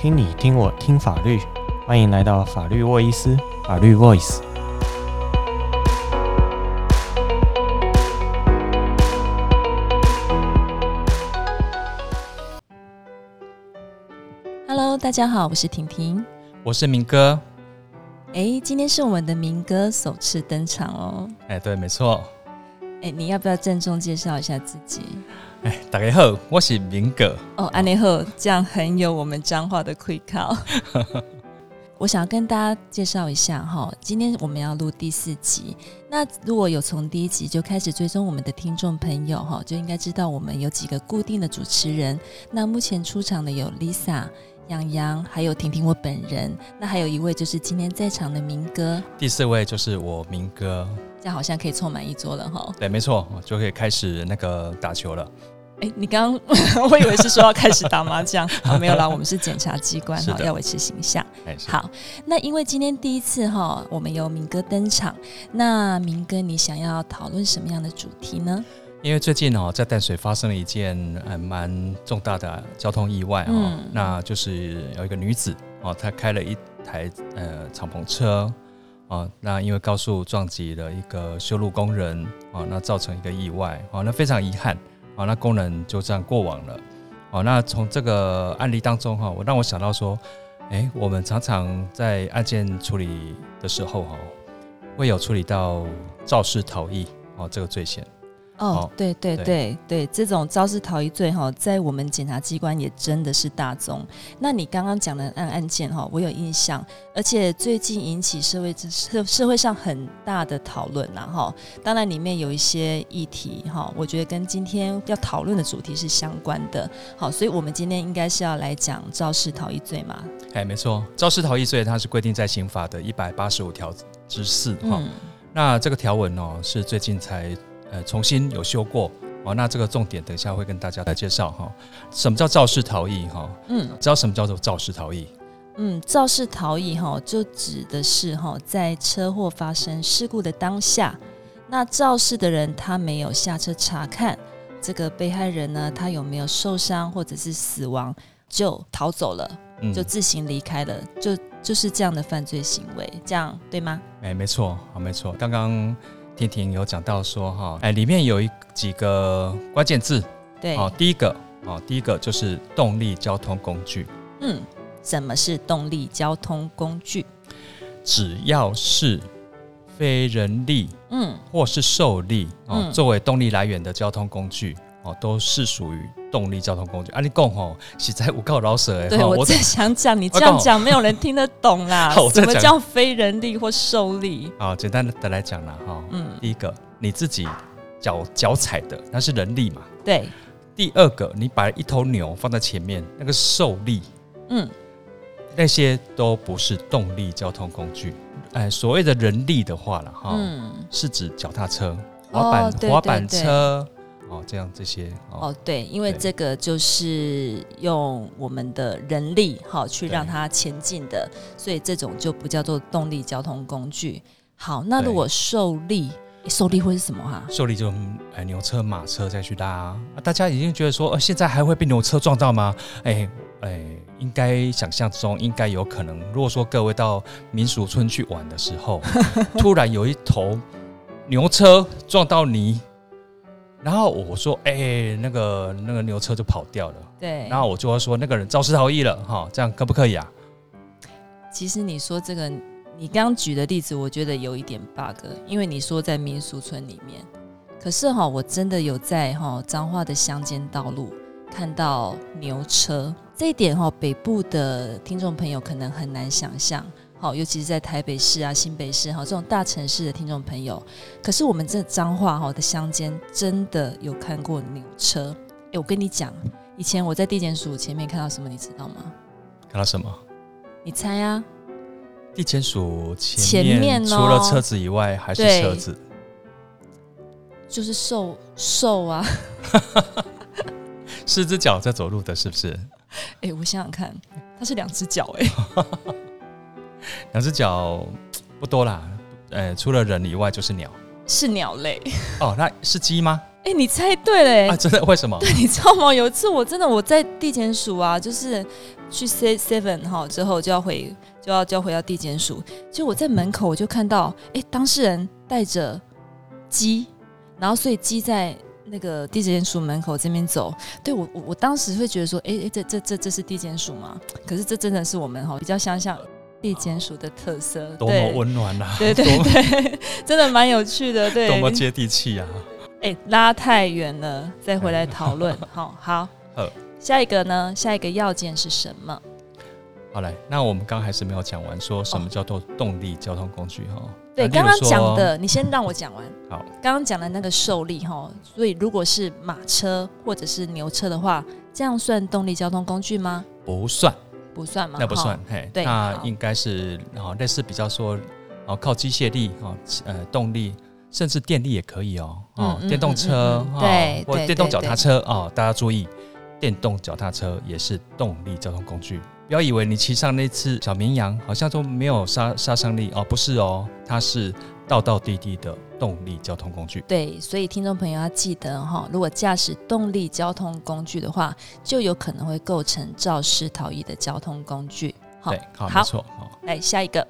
聽你，聽我，聽法律。歡迎來到法律沃伊斯，法律 Voice。Hello，大家好，我是婷婷，我是銘哥。哎，今天是我們的銘哥首次登場哦。哎，對，沒錯。哎，你要不要鄭重介紹一下自己？哎，大家好，我是銘哥。Oh, 啊、哦，安利好，這樣很有我們彰化的氣口。 我想要跟大家介紹一下哈，今天我們要錄第四集。那如果有從第一集就開始追蹤我們的聽眾朋友哈，就應該知道我們有幾個固定的主持人。那目前出場的有 Lisa、楊洋，還有婷婷，我本人。那還有一位就是今天在場的銘哥。第四位就是我銘哥。這樣好像可以湊滿一桌了哈。對，沒錯，就可以開始那個打球了。哎、欸，你剛剛我以為是說要開始打麻將、 啊，沒有啦，我們是檢察機關哈，要維持形象、欸。好，那因為今天第一次哈，我們由銘哥登場，那銘哥你想要討論什麼樣的主題呢？因為最近哦，在淡水發生了一件還蠻重大的交通意外哦、嗯，那就是有一個女子哦，她開了一台呃敞篷車。啊、哦，那因為高速撞擊了一個修路工人，啊、哦，那造成一個意外，啊、哦，那非常遺憾，啊、哦，那工人就這樣過往了，啊、哦，那從這個案例當中，哈、哦，我讓我想到說，誒、欸，我們常常在案件處理的時候，哈、哦，會有處理到肇事逃逸，哦，這個罪行。哦、oh，對對對對，對，對，這種肇事逃逸罪哈，在我們檢察機關也真的是大宗。那你剛剛講的案案件哈，我有印象，而且最近引起社會社社會上很大的討論吶、啊、哈。當然裡面有一些議題哈，我覺得跟今天要討論的主題是相關的。好，所以我們今天應該是要來講肇事逃逸罪嘛。哎，沒錯，肇事逃逸罪它是規定在刑法的一百八十五條之四哈、嗯。那這個條文呢、哦，是最近才。呃，重新有修過哦，那這個重點等一下會跟大家來介紹哈。什麼叫肇事逃逸哈？嗯，知道什麼叫做肇事逃逸？嗯，肇事逃逸哈，就指的是哈，在車禍發生事故的當下，那肇事的人他沒有下車查看這個被害人呢，他有沒有受傷或者是死亡，就逃走了，就自行離開了，嗯、就就是這樣的犯罪行為，這樣對嗎？哎，沒錯，好，沒錯，剛剛。婷婷有講到說哈，哎，裡面有一幾個關鍵字，對，第一個，哦，第一個就是動力交通工具。嗯，什麼是動力交通工具？只要是非人力，嗯，或是受力，嗯，作為動力來源的交通工具。哦，都是屬於動力交通工具。阿力貢哦，實在我靠老舍哎、欸。對，我在我想講你這樣講，沒有人聽得懂啦。 我再講，什麼叫非人力或受力啊，簡單的來講啦。哈，嗯，第一個你自己腳腳踩的，那是人力嘛。對。第二個，你把一頭牛放在前面，那個受力，嗯，那些都不是動力交通工具。哎、呃，所謂的人力的話了，哈、嗯，是指腳踏車、滑板、哦、對對對滑板車。哦，這樣這些哦，哦，對，因為這個就是用我們的人力哈、哦、去讓它前進的，所以這種就不叫做動力交通工具。好，那如果獸力，欸、獸力會是什麼哈、啊？獸力就哎、欸、牛車馬車再去拉，啊啊，大家已經覺得說，呃，現在還會被牛車撞到嗎？哎、欸、哎、欸，應該想象中應該有可能。如果說各位到民俗村去玩的時候， 突然有一頭牛車撞到你。然後我說：“哎、欸，那個那個牛車就跑掉了。”對，然後我就會說：“那個人肇事逃逸了，哈，這樣可不可以啊？”其實你說這個，你剛舉的例子，我覺得有一點 bug，因為你說在民俗村裡面，可是哈，我真的有在哈彰化的鄉間道路看到牛車，這一點哈，北部的聽眾朋友可能很難想象。好，尤其是在台北市啊、新北市哈這種大城市的聽眾朋友，可是我們這彰化的鄉間真的有看過牛車？哎、欸，我跟你講，以前我在地檢署前面看到什麼，你知道嗎？看到什麼？你猜啊！地檢署前面，前面、哦、除了車子以外，還是車子，就是瘦瘦啊， 四隻腳在走路的是不是？哎、欸，我想想看，它是兩隻腳，哎。 兩隻腳不多啦，呃，除了人以外就是鳥，是鳥類哦，那是雞嗎？哎、欸，你猜對了、欸，哎、啊，真的？為什麼？對，你知道嗎？有一次我真的我在地檢署啊，就是去 C Seven 哈之後就要回就要就要回到地檢署，就我在門口我就看到，哎、欸，當事人帶着雞，然後所以雞在那個地檢署門口這邊走，對我我我當時會覺得說，哎、欸、哎、欸，這這這這是地檢署嗎？可是這真的是我們哈比較相像。地檢署的特色，多麼溫暖啊。對對對， 真的蠻有趣的，對，多麼接地氣啊！哎、欸，拉太遠了，再回來討論。 好好，下一個呢？下一個要件是什麼？好來那我們剛還是沒有講完，說什麼叫做動力交通工具？哈、哦哦，對，剛剛講的，你先讓我講完。 好，剛剛講的那個受力哈，所以如果是馬車或者是牛車的話，這樣算動力交通工具嗎？不算。不算嗎？那不算，哦、嘿，對，那應該是啊，類似比較說，靠機械力啊，呃，動力甚至電力也可以哦、喔，哦、嗯喔，電動車、嗯嗯嗯喔、或電動腳踏車對對對對、喔、大家注意，電動腳踏車也是動力交通工具，不要以為你騎上那次小綿羊，好像都沒有殺殺傷力哦、喔，不是哦、喔，它是。道道地地的動力交通工具。對，所以聽眾朋友要記得哈，如果駕駛動力交通工具的話，就有可能會構成肇事逃逸的交通工具對。好，好，沒錯。好，來，下一個，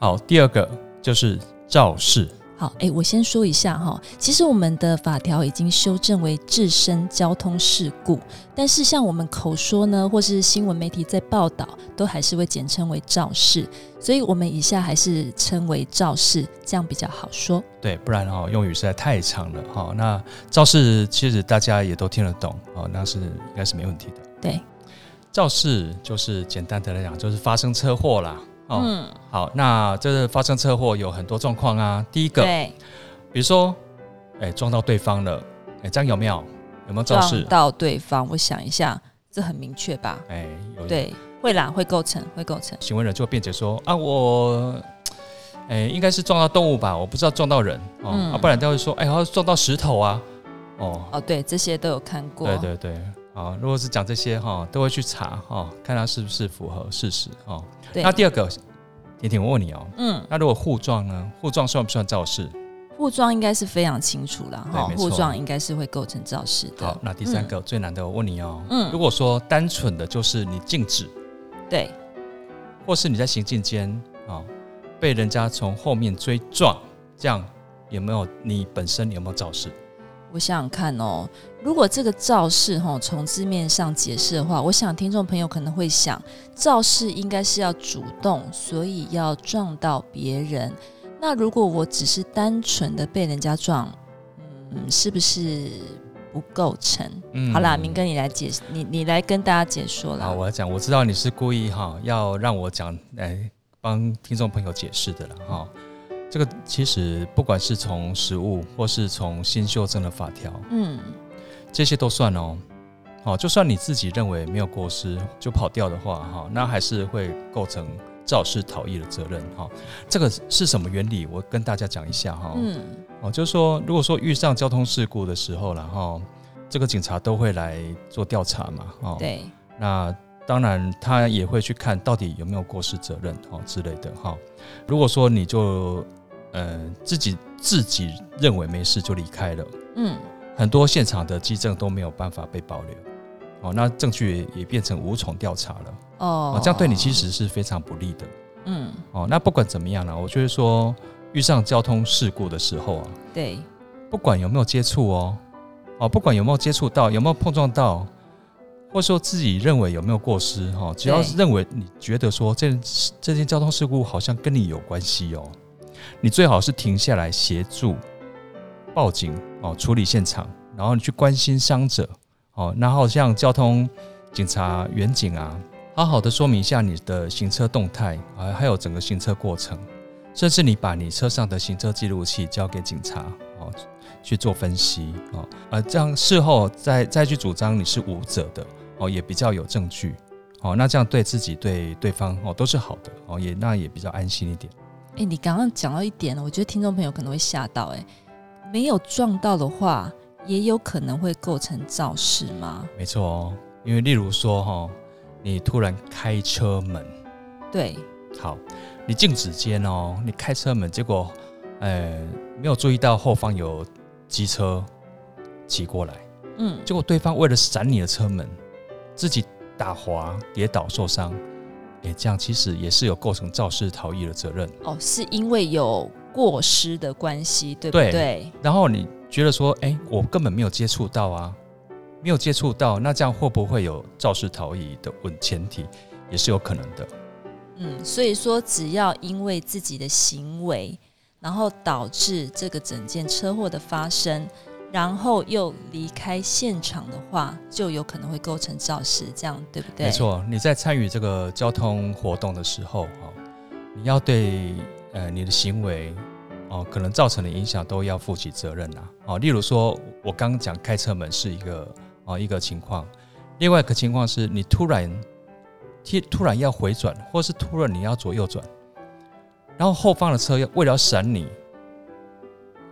好，第二個就是肇事。好，誒、欸，我先說一下哈，其實我們的法條已經修正為發生交通事故，但是像我們口說呢，或是新聞媒體在報道，都還是會簡稱為肇事，所以我們以下還是稱為肇事，這樣比較好說。對，不然哈、哦，用語實在太長了哈。那肇事其實大家也都聽得懂啊，那是應該是沒問題的。對，肇事就是簡單的來講，就是發生車禍啦。哦、嗯，好，那就是發生車禍，有很多狀況啊。第一個，對，比如說，哎、欸，撞到對方了，哎、欸，這樣有沒有？有沒有肇事？撞到對方，我想一下，這很明確吧？哎、欸，有，對，會啦，會構成，會構成。行為人就會辯解說啊，我，哎、欸，應該是撞到動物吧，我不知道撞到人、哦嗯、啊，不然他會說，哎、欸，然後撞到石頭啊，哦，哦，對，這些都有看過，對對對，對。好，如果是講這些哈，都會去查哈，看他是不是符合事實哈。那第二個，婷婷我問你哦、喔。嗯。那如果互撞呢？互撞算不算肇事？互撞應該是非常清楚了哈。對，喔、沒錯。互撞應該是會構成肇事。好，那第三個、嗯、最難的我問你哦、喔。嗯。如果說單純的就是你靜止，對。或是你在行進間啊，被人家從後面追撞，這樣有沒有你本身有沒有肇事？我想想看哦、喔。如果這個肇事從字面上解釋的話，我想聽眾朋友可能會想，肇事應該是要主動，所以要撞到別人。那如果我只是單純的被人家撞，嗯，是不是不構成？嗯、好啦，明哥，你來解釋，你你來跟大家解說啦。好，我來講，我知道你是故意哈、哦，要讓我講來、哎、幫聽眾朋友解釋的了哈、哦嗯。這個其實不管是從實務或是從新修正的法條，嗯。這些都算哦，哦，就算你自己認為沒有過失就跑掉的話，哈、哦，那還是會構成肇事逃逸的責任，哈、哦。這個是什麼原理？我跟大家講一下，哈、哦。嗯。哦，就是說，如果說遇上交通事故的時候，然後，哦，這個警察都會來做調查嘛、哦，對。那當然，他也會去看到底有沒有過失責任，哦之類的，哈、哦。如果說你就，呃、自己自己認為沒事就離開了，嗯。很多現場的跡證都沒有辦法被保留，哦，那證據也，也變成無從調查了。Oh. 哦，這樣對你其實是非常不利的。嗯，哦，那不管怎麼樣呢？我就是說，遇上交通事故的時候啊，對，不管有沒有接觸哦，哦，不管有沒有接觸到，有沒有碰撞到，或者說自己認為有沒有過失哈、哦，只要是認為你覺得說這這件交通事故好像跟你有關係哦，你最好是停下來協助報警。哦，處理現場，然後你去關心傷者，哦，然後像交通警察、員警啊，好好的說明一下你的行車動態，啊，還有整個行車過程，甚至你把你車上的行車記錄器交給警察，哦，去做分析，哦，呃、啊，這樣事後再再去主張你是無責的，哦，也比較有證據，哦，那這樣對自己對對方哦都是好的，哦，也那也比較安心一點。誒、欸，你剛剛講到一點了，我覺得聽眾朋友可能會嚇到、欸，誒。沒有撞到的話，也有可能會構成肇事嗎？沒錯哦，因為例如說哈，你突然開車門，對，好，你靜止間哦，你開車門，結果呃沒有注意到後方有機車騎過來，嗯，結果對方為了閃你的車門，自己打滑跌倒受傷，哎，這樣其實也是有構成肇事逃逸的責任哦，是因為有。過失的關係，對不對？對，然後你覺得說，哎，我根本沒有接觸到啊，沒有接觸到，那這樣會不會有肇事逃逸的問？前提也是有可能的。嗯，所以說，只要因為自己的行為，然後導致這個整件車禍的發生，然後又離開現場的話，就有可能會構成肇事，這樣對不對？沒錯，你在參與這個交通活動的時候啊，你要對。呃，你的行為，哦，可能造成的影響都要負起責任了啊，哦，例如說，我剛剛講開車門是一個哦一個情況，另外一個情況是你突然，突突然要回轉，或是突然你要左右轉，然後後方的車要為了閃你，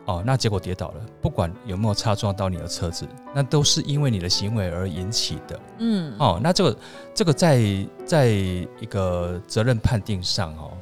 哦，那結果跌倒了，不管有沒有擦撞到你的車子，那都是因為你的行為而引起的。嗯，哦，那這個這個在在一個責任判定上，哦。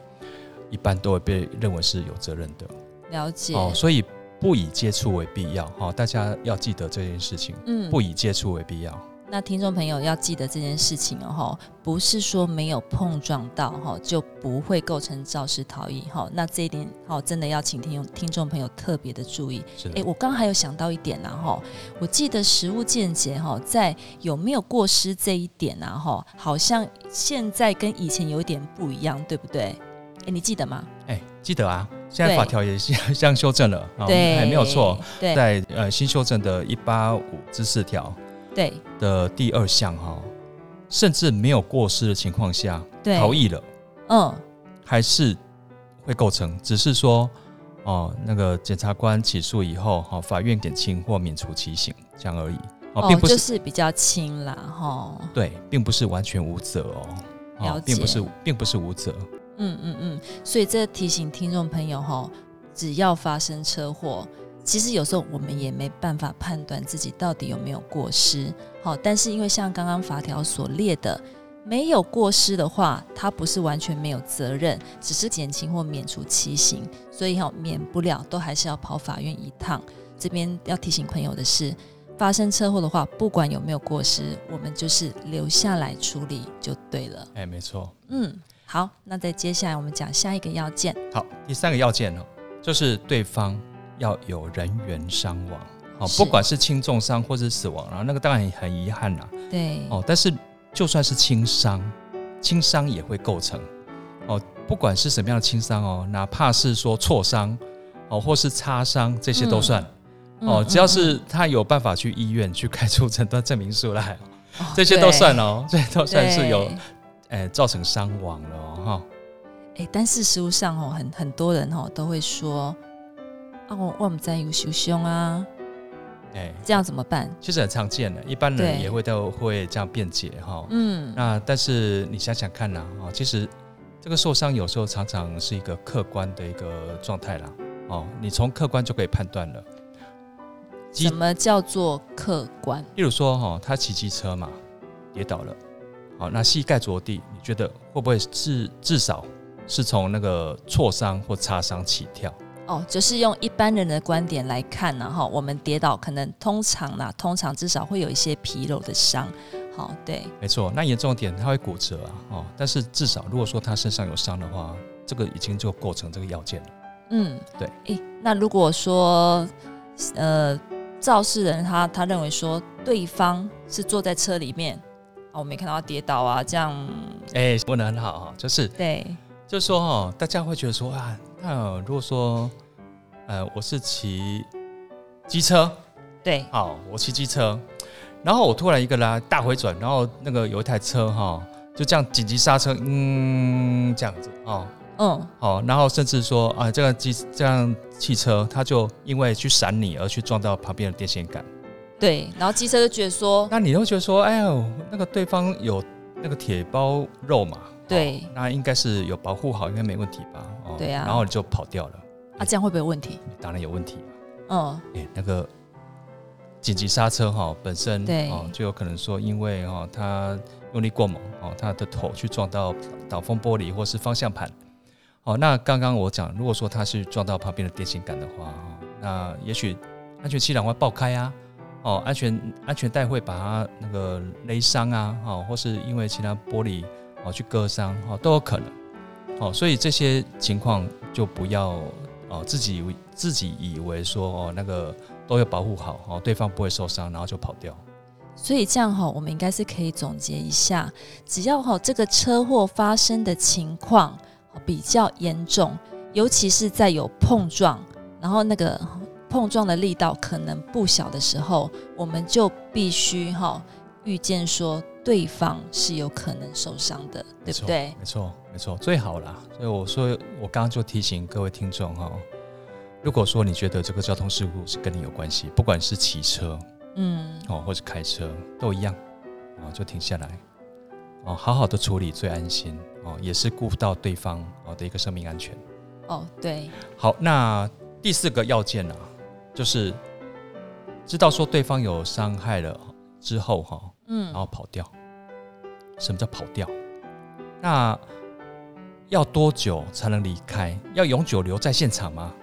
一般都會被認為是有責任的，了解哦。所以不以接觸為必要哈，大家要記得這件事情。嗯，不以接觸為必要。那聽眾朋友要記得這件事情哦，哈，不是說沒有碰撞到哈，就不會構成肇事逃逸哈。那這一點哈，真的要請聽聽眾朋友特別的注意。是的。哎、欸，我剛還有想到一點呢，哈，我記得實務見解，哈，在有沒有過失這一點呢，哈，好像現在跟以前有一點不一樣，對不對？哎、欸，你記得嗎？哎、欸，記得啊！現在法條也這樣修正了，對哦、還沒有錯。在呃新修正的《一八五之四條》對的第二項哈、哦，甚至沒有過失的情況下逃逸了，嗯，還是會構成，只是說哦，那個檢察官起訴以後，哈、哦，法院減輕或免除其刑，這樣而已哦，並不是、哦就是、比較輕啦哈。對，並不是完全無責哦，哦並不是，並不是無責。嗯嗯嗯，所以這提醒聽眾朋友哈、哦，只要發生車禍，其實有時候我們也沒辦法判斷自己到底有沒有過失。好、哦，但是因為像剛剛法條所列的，沒有過失的話，它不是完全沒有責任，只是減輕或免除其刑，所以哈、哦，免不了都還是要跑法院一趟。這邊要提醒朋友的是，發生車禍的話，不管有沒有過失，我們就是留下來處理就對了。哎、欸，沒錯。嗯。好，那在接下來我們講下一個要件。好，第三個要件呢、哦，就是對方要有人員傷亡。哦，不管是輕重傷或是死亡，然後那個當然也很遺憾吶。對。哦，但是就算是輕傷，輕傷也會構成。哦，不管是什麼樣的輕傷哦，哪怕是說挫傷哦，或是擦傷，這些都算。嗯、哦、嗯，只要是他有辦法去醫院去開出診斷證明書來、哦，這些都算哦，對這些都算是有。哎、欸，造成傷亡了、哦、哈！哎、欸，但是事實上哈、哦，很很多人哈、哦、都會說，哦、啊，我不知有受傷啊，哎、欸，這樣怎麼辦？其實很常見的，一般人也會都會這樣辯解哈、哦。嗯。那但是你想想看啦，哦、啊，其實這個受傷有時候常常是一個客觀的一個狀態啦。哦、啊，你從客觀就可以判斷了。什麼叫做客觀？例如說哈、哦，他騎機車嘛，跌倒了。好，那膝蓋着地，你覺得會不會至至少是從那個挫傷或擦傷起跳？哦，就是用一般人的觀點來看呢，哈，我們跌倒可能通常呢，通常至少會有一些皮肉的傷。好，對，沒錯。那嚴重點，它會骨折啊。哦，但是至少如果說他身上有傷的話，這個已經就構成這個要件了。嗯，對。誒，那如果說呃，肇事人他他認為說對方是坐在車裡面。哦，我沒看到跌倒啊，這樣。哎、欸，問的很好啊，就是對，就說哦，大家會覺得說啊，那如果說呃，我是騎機車，對，好，我騎機車，然後我突然一個拉大回轉，然後那個有一台車哈，就這樣緊急剎車，嗯，這樣子哦。嗯，哦，然後甚至說啊，這個機這輛汽車，它就因為去閃你而去撞到旁邊的電線桿。對，然後機車就覺得說，那你又覺得說，哎呦，那個對方有那個鐵包肉嘛？對，哦、那應該是有保護好，應該沒問題吧？哦、對呀、啊，然後你就跑掉了。啊，這樣會不會有問題？當然有問題、啊。嗯，欸、那個緊急剎車哈、哦，本身對哦，就有可能說，因為哈、哦，他用力過猛哦，他的頭去撞到擋風玻璃或是方向盤。哦，那剛剛我講，如果說他是撞到旁邊的電線桿的話，哦、那也許安全氣囊會爆開啊。哦，安全安全帶會把它那個勒傷啊，哈、哦，或是因為其他玻璃哦去割傷，哈、哦，都有可能，哦，所以這些情況就不要哦自，自己以為自己以為說哦，那個都要保護好，哦，對方不會受傷，然後就跑掉。所以這樣哈、哦，我們應該是可以總結一下，只要哈這個車禍發生的情況比較嚴重，尤其是在有碰撞，然後那個。碰撞的力道可能不小的時候，我們就必須哈預見說對方是有可能受傷的，對不對？沒錯，沒錯，最好啦。所以我說，我剛剛就提醒各位聽眾哈、哦，如果說你覺得這個交通事故是跟你有關係，不管是騎車，嗯，哦，或是開車都一樣、哦，就停下來，哦，好好的處理最安心，哦，也是顧到對方哦的一個生命安全。哦，對。好，那第四個要件呢、啊？就是知道說對方有傷害了之後哈，嗯，然後跑掉。什麼叫跑掉？那要多久才能離開？要永久留在現場嗎？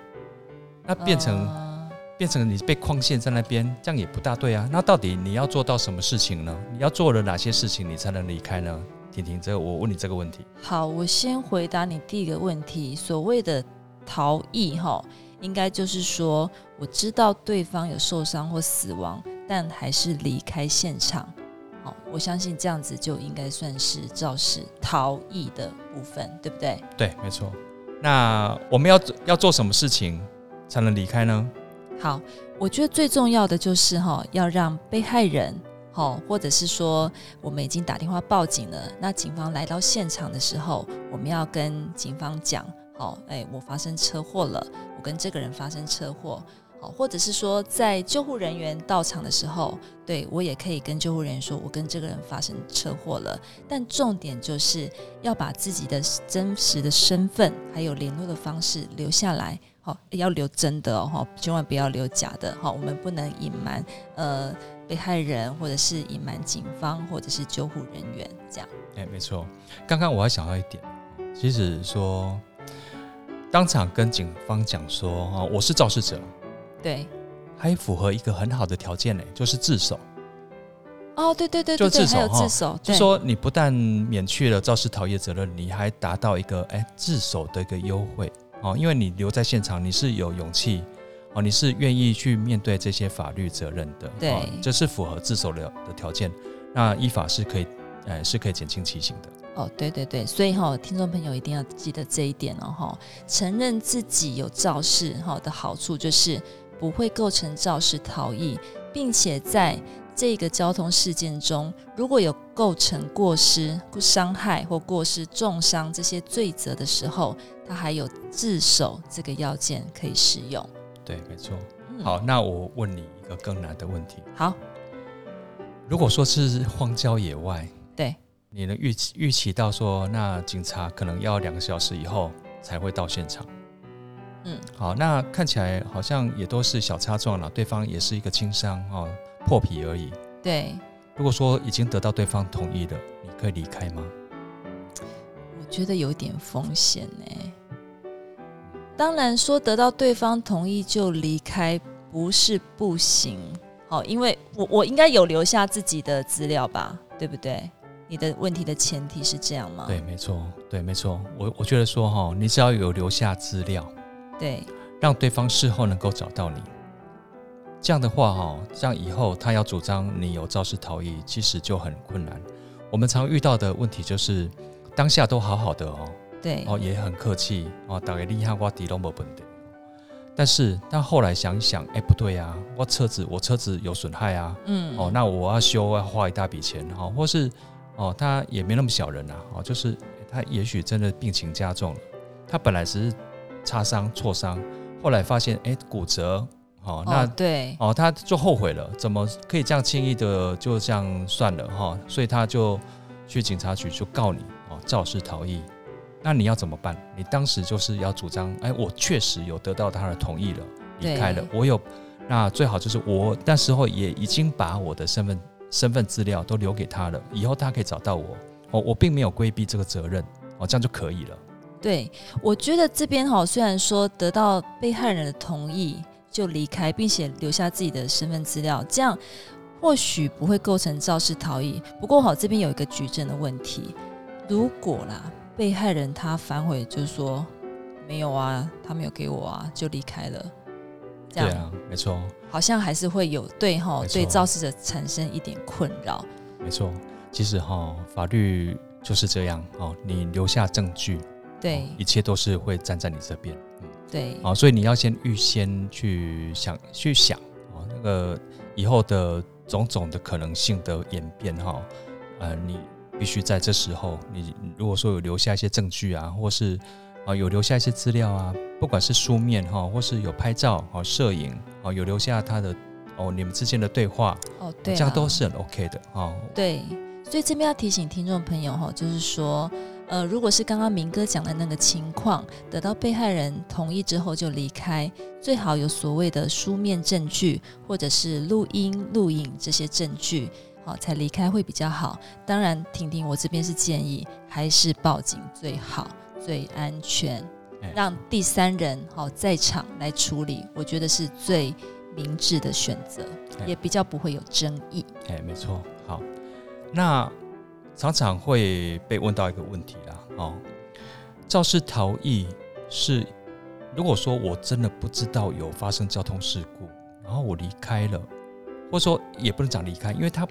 那變成變成你被框限在那邊，這樣也不大對啊。那到底你要做到什麼事情呢？你要做了哪些事情，你才能離開呢？婷婷，這我問你這個問題。好，我先回答你第一個問題。所謂的逃逸，哈。應該就是說，我知道對方有受傷或死亡，但還是離開現場。好，我相信這樣子就應該算是肇事逃逸的部分，對不對？對，沒錯。那我們要要做什麼事情才能離開呢？好，我覺得最重要的就是哈，要讓被害人哈，或者是說我們已經打電話報警了，那警方來到現場的時候，我們要跟警方講。哦，哎，我發生車禍了，我跟這個人發生車禍。好，或者是說在救護人員到場的時候，對，我也可以跟救護人員說，我跟這個人發生車禍了。但重點就是要把自己的真實的身份還有聯絡的方式留下來。好、欸，要留真的哦，千萬不要留假的。好，我們不能隱瞞呃被害人，或者是隱瞞警方，或者是救護人員這樣。哎、欸，沒錯，剛剛我還想到一點，其實說。當場跟警方講說：“啊，我是肇事者。”對，還符合一個很好的條件呢，就是自首。哦，對對對對，還有自首，哦。就說你不但免去了肇事逃逸責任，你還達到一個哎自首的一個優惠哦，因為你留在現場，你是有勇氣哦，你是願意去面對這些法律責任的。對，這，哦就是符合自首的的條件，那依法是可以哎是可以減輕其刑的。哦、oh，對對對，所以哈，聽眾朋友一定要記得這一點哦。承認自己有肇事哈，的好處就是不會構成肇事逃逸，並且在這個交通事件中，如果有構成過失不傷害或過失重傷這些罪責的時候，他還有自首這個要件可以使用。對，沒錯。嗯、好，那我問你一個更難的問題。好，如果說是荒郊野外。你能預期預期到說，那警察可能要兩個小時以後才會到現場。嗯，好，那看起來好像也都是小擦撞了，對方也是一個輕傷哦，破皮而已。對，如果說已經得到對方同意了，你可以離開嗎？我覺得有點風險呢、欸。當然，說得到對方同意就離開不是不行。好，因為我我應該有留下自己的資料吧，對不對？你的問題的前提是這樣嗎？對，沒錯，對，沒錯。我我覺得說哈、喔，你只要有留下資料，對，讓對方事後能夠找到你，這樣的話哈、喔，這樣以後他要主張你有肇事逃逸，其實就很困難。我們常遇到的問題就是，當下都好好的哦、喔，對，哦、喔，也很客氣哦、喔，大概利哈瓜迪羅莫本的都沒問題。但是，但後來想一想，哎、欸，不對呀、啊，我車子我車子有損害啊，嗯，哦、喔，那我要修我要花一大筆錢哈、喔，或是。哦，他也沒那麼小人吶、啊。哦，就是他也許真的病情加重了。他本來只是擦傷、挫傷，後來發現哎、欸、骨折欸，骨折。哦，那哦對哦，他就後悔了，怎麼可以這樣輕易的就這樣算了哈、哦？所以他就去警察局就告你哦，肇事逃逸。那你要怎麼辦？你當時就是要主張哎、欸，我確實有得到他的同意了，離開了。我有，那最好就是我那時候也已經把我的身份身份資料都留給他了，以後他可以找到我。哦，我並沒有規避這個責任，哦，這樣就可以了。對，我覺得這邊哈，雖然說得到被害人的同意就離開，並且留下自己的身份資料，這樣或許不會構成肇事逃逸。不過哈，這邊有一個舉證的問題，如果啦，被害人他反悔，就是說沒有啊，他沒有給我啊，就離開了。對啊，沒錯，好像還是會有對哈，對肇事者產生一點困擾。沒錯，其實哈、喔，法律就是這樣哦、喔。你留下證據，對、喔，一切都是會站在你這邊、嗯。對，啊、喔，所以你要先預先去想，去想、喔、那個以後的種種的可能性的演變哈、喔，呃，你必須在這時候，你如果說有留下一些證據啊，或是。啊，有留下一些資料啊，不管是書面哈，或是有拍照啊、攝影哦，有留下他的哦，你們之間的對話哦，對啊、這樣都是很 OK 的哦，對，所以這邊要提醒聽眾朋友哈，就是說，呃，如果是剛剛明哥講的那個情況，得到被害人同意之後就離開，最好有所謂的書面證據或者是錄音、錄影這些證據，好才離開會比較好。當然，婷婷，我這邊是建議還是報警最好。最安全，讓第三人好在場來處理，欸，我覺得是最明智的選擇，欸，也比較不會有爭議。哎、欸，沒錯。好，那常常會被問到一個問題啦，哦，肇事逃逸是如果說我真的不知道有發生交通事故，然後我離開了，或者說也不能講離開，因為他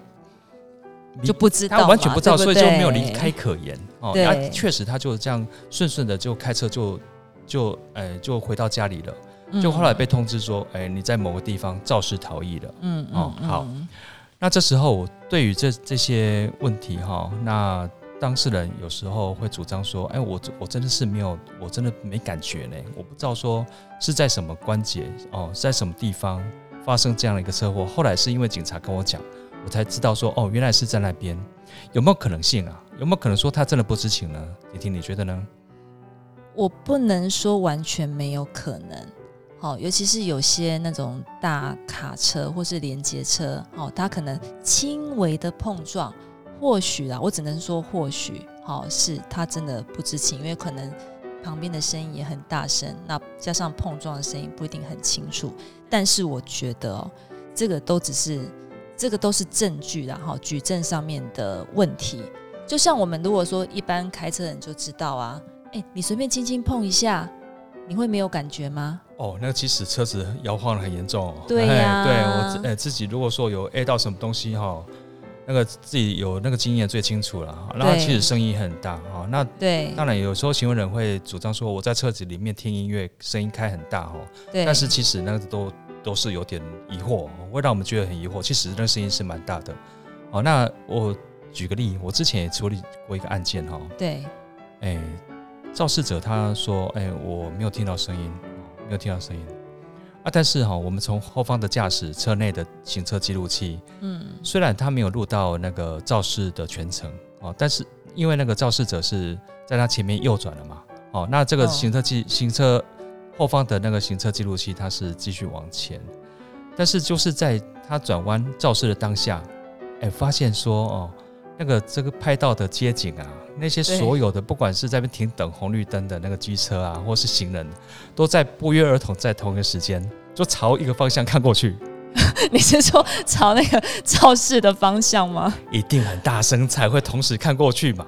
就不知道，完全不知道對不對，所以就沒有離開可言哦。那確實，他就這樣順順的就開車就就誒、哎、就回到家裡了、嗯啊。就後來被通知說，誒、哎，你在某個地方肇事逃逸了。嗯，嗯，嗯。哦，好。那這時候，我對於這這些問題哈、哦，那當事人有時候會主張說，哎，我我真的是沒有，我真的沒感覺呢。我不知道說是在什麼關節哦，在什麼地方發生這樣的一個車禍。後來是因為警察跟我講。我才知道說哦，原來是在那邊，有沒有可能性啊？有沒有可能說他真的不知情呢？婷婷，你覺得呢？我不能說完全沒有可能，好，尤其是有些那種大卡車或是聯結車，哦，它可能輕微的碰撞，或許啊，我只能說或許，哦，是他真的不知情，因為可能旁邊的聲音也很大聲，那加上碰撞的聲音不一定很清楚，但是我覺得哦，這個都只是。這個都是證據，然後舉證上面的問題，就像我們如果說一般開車人就知道啊，哎、欸，你隨便輕輕碰一下，你會沒有感覺嗎？哦，那個其實車子搖晃的很嚴重。對呀、啊欸，對我自、欸、自己如果說有 A 到什麼東西哈、喔，那個自己有那個經驗最清楚了哈。那其實聲音很大哈、喔。那對，當然有時候行為人會主張說我在車子裡面聽音樂，聲音開很大哈、喔。對，但是其實那個都。都是有點疑惑，會讓我們覺得很疑惑。其實那個聲音是蠻大的，哦。那我舉個例，我之前也處理過一個案件，哈。對。哎、欸，肇事者他說：“哎、欸，我沒有聽到聲音、哦，沒有聽到聲音啊。”但是哈、哦，我們從後方的駕駛車內的行車記錄器，嗯，雖然他沒有錄到那個肇事的全程，哦，但是因為那個肇事者是在他前面右轉了嘛，哦，那這個行車記、哦、行車。後方的那個行車記錄器，它是繼續往前，但是就是在它轉彎肇事的當下，哎，發現說哦，那個這個拍到的街景啊，那些所有的，不管是在那邊停等紅綠燈的那個機車啊，或是行人，都在不約而同在同一個時間，就朝一個方向看過去。 你是說朝那個肇事的方向嗎？一定很大聲才會同時看過去嘛。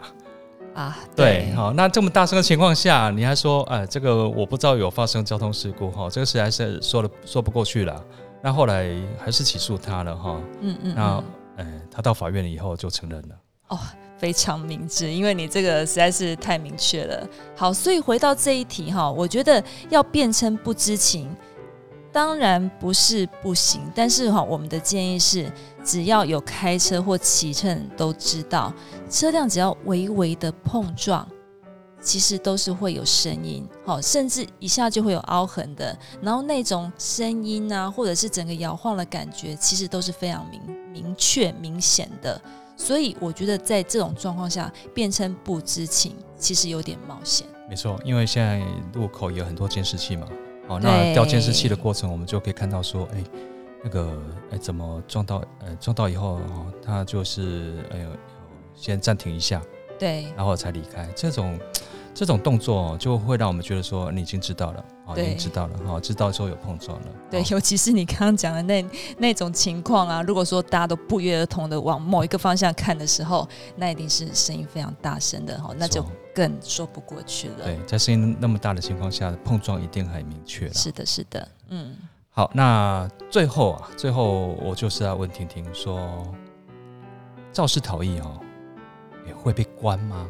啊，對，好，那這麼大聲的情況下，你還說，哎，這個我不知道有發生交通事故哈，這個實在是說了說不過去了。那後來還是起訴他了哈，嗯，嗯嗯，那，哎，他到法院了以後就承認了。哦，非常明智，因為你這個實在是太明確了。好，所以回到這一題哈，我覺得要辯稱不知情。當然不是不行，但是哈、哦，我們的建議是，只要有開車或騎乘都知道，車輛只要微微的碰撞，其實都是會有聲音，好，甚至一下就會有凹痕的，然後那種聲音啊，或者是整個搖晃的感覺，其實都是非常明明確明顯的。所以我覺得在這種狀況下辯稱不知情，其實有點冒險。沒錯，因為現在路口有很多監視器嘛。好，那調監視器的過程，我們就可以看到說，哎、欸，那個，哎、欸，怎麼撞到，呃、欸，撞到以後，他就是，哎、欸、呦，先暫停一下，對，然後才離開，這種。這種動作就會讓我們覺得說，你已經知道了，哦，已經知道了，哈，知道之後有碰撞了。對，尤其是你剛剛講的那那種情況啊，如果說大家都不約而同的往某一個方向看的時候，那一定是聲音非常大聲的，哈，那就更說不過去了。對，在聲音那麼大的情況下，碰撞一定很明確。是的，是的，嗯。好，那最後啊，最後我就是要問婷婷說，肇事逃逸哦，也會被關嗎？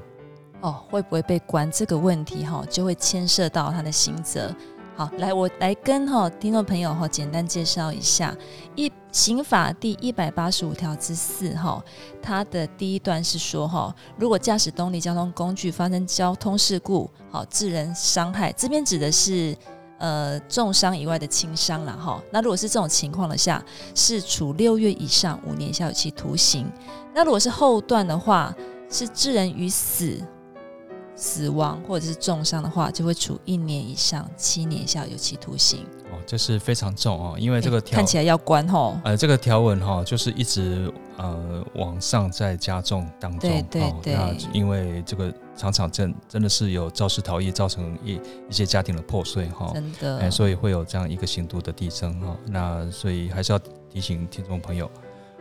哦，會不會被關這個問題哈，就會牽涉到他的刑責。好，來我來跟哈聽眾朋友哈簡單介紹一下，一刑法第一百八十五條之四哈，它的第一段是說哈，如果駕駛動力交通工具發生交通事故，好致人傷害，這邊指的是呃重傷以外的輕傷啦哈。那如果是這種情況的下，是處六月以上五年以下有期徒刑。那如果是後段的話，是致人於死。死亡或者是重傷的話，就會處一年以上七年以下有期徒刑。哦，這是非常重哦，因為這個條、欸、看起來要關吼。呃，這個條文哈、哦，就是一直呃往上在加重當中。對對對。哦、那因為這個常常真真的是有肇事逃逸，造成一一些家庭的破碎哈、哦。真的。哎、嗯，所以會有這樣一個刑度的遞增哈。那所以還是要提醒聽眾朋友，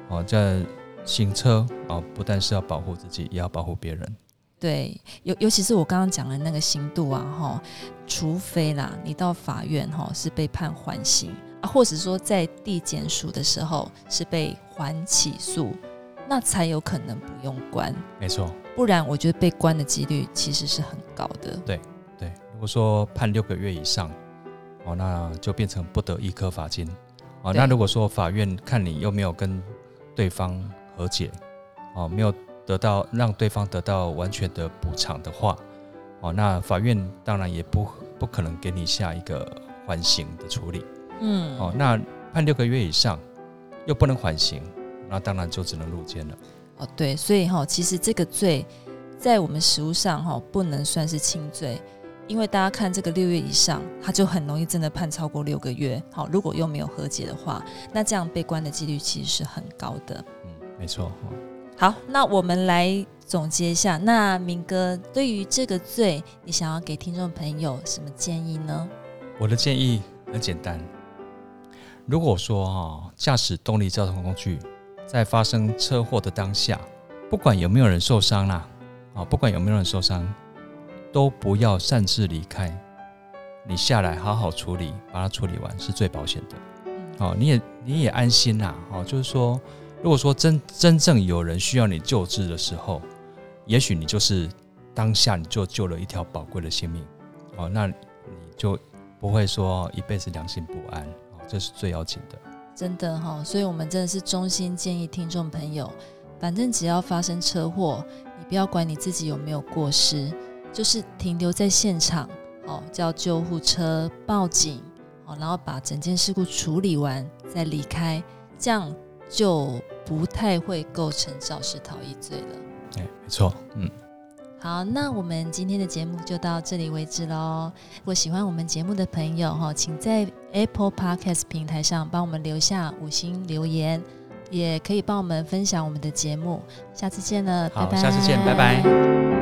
哦，在行車啊、哦，不但是要保護自己，也要保護別人。對，尤尤其是我剛剛講的那個刑度啊，哈，除非啦，你到法院哈是被判緩刑啊，或者說在地檢署的時候是被緩起訴，那才有可能不用關。沒錯，不然我覺得被關的幾率其實是很高的。對對，如果說判六個月以上，哦，那就變成不得易科罰金哦。那如果說法院看你又沒有跟對方和解，哦，沒有。得到讓對方得到完全的補償的話，哦，那法院當然也不不可能給你下一個緩刑的處理，嗯，哦，那判六個月以上，又不能緩刑，那當然就只能入監了。哦，對，所以哈、哦，其實這個罪在我們實務上哈、哦，不能算是輕罪，因為大家看這個六個月以上，它就很容易真的判超過六個月。好、哦，如果又沒有和解的話，那這樣被關的幾率其實是很高的。嗯，沒錯。哦。好，那我們來總結一下。那銘哥對於這個罪，你想要給聽眾朋友什麼建議呢？我的建議很簡單。如果說哈、哦，駕駛動力交通工具在發生車禍的當下，不管有沒有人受傷啦，啊，不管有沒有人受傷，都不要擅自離開。你下來好好處理，把它處理完是最保險的。嗯、哦，你也你也安心啦、啊。哦，就是說。如果說真真正有人需要你救治的時候，也許你就是當下你就救了一條寶貴的性命，哦，那你就不會說一輩子良心不安，哦，這是最要緊的。真的哈，所以我們真的是衷心建議聽眾朋友，反正只要發生車禍，你不要管你自己有沒有過失，就是停留在現場，哦，叫救護車、報警，哦，然後把整件事故處理完再離開，這樣就。不太會構成肇事逃逸罪了。哎，沒錯，嗯。好，那我們今天的節目就到這裡為止嘍。如果喜歡我們節目的朋友請在 Apple Podcast 平台上幫我們留下五星留言，也可以幫我們分享我們的節目。下次見了，好，拜拜。下次見，拜拜。